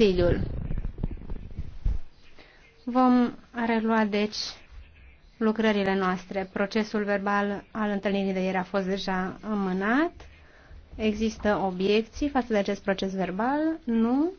Consiliul. Vom relua, deci, lucrările noastre. Procesul verbal al întâlnirii de ieri a fost deja amânat. Există obiecții față de acest proces verbal? Nu.